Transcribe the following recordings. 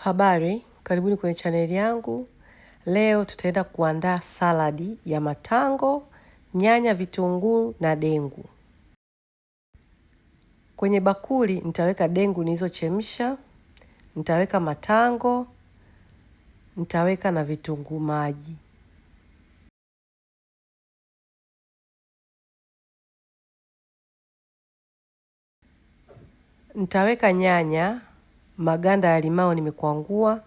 Habari, karibuni kwenye chaneli yangu. Leo tutaenda kuandaa saladi ya matango, nyanya, vitunguu na dengu. Kwenye bakuli nitaweka dengu nilizochemsha, nitaweka matango, nitaweka na vitunguu maji. Nitaweka nyanya maganda ya limao nimekwangua,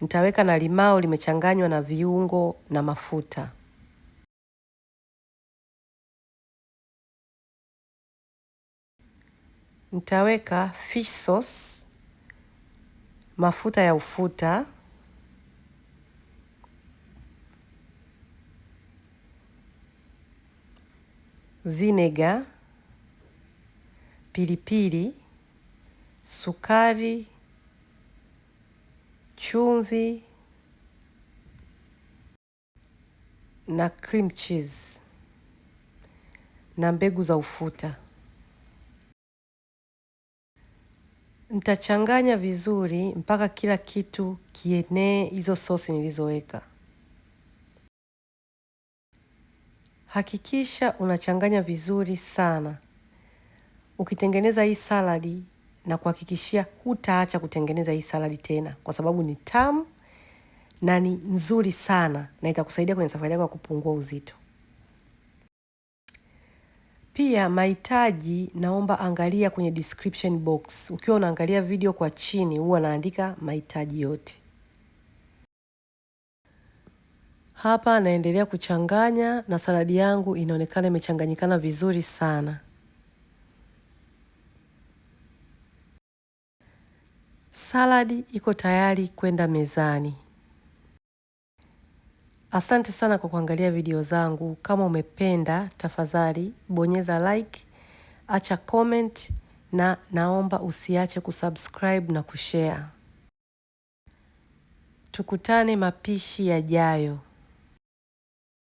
nitaweka na limao limechanganywa na viungo na mafuta. Nitaweka fish sauce, mafuta ya ufuta, vinega, pilipili, sukari chumvi na cream cheese na mbegu za ufuta. Mtachanganya vizuri mpaka kila kitu kienee hizo sosi nilizoweka. Hakikisha unachanganya vizuri sana. Ukitengeneza hii saladi na kuhakikishia hutaacha kutengeneza hii saladi tena, kwa sababu ni tamu na ni nzuri sana, na itakusaidia kwenye safari yako ya kupungua uzito. Pia mahitaji, naomba angalia kwenye description box. Ukiwa unaangalia video kwa chini, huwa naandika mahitaji yote. Hapa naendelea kuchanganya na saladi yangu inaonekana imechanganyikana vizuri sana. Saladi iko tayari kwenda mezani. Asante sana kwa kuangalia video zangu. Kama umependa, tafadhali bonyeza like, acha comment na naomba usiache kusubscribe na kushare. Tukutane mapishi yajayo.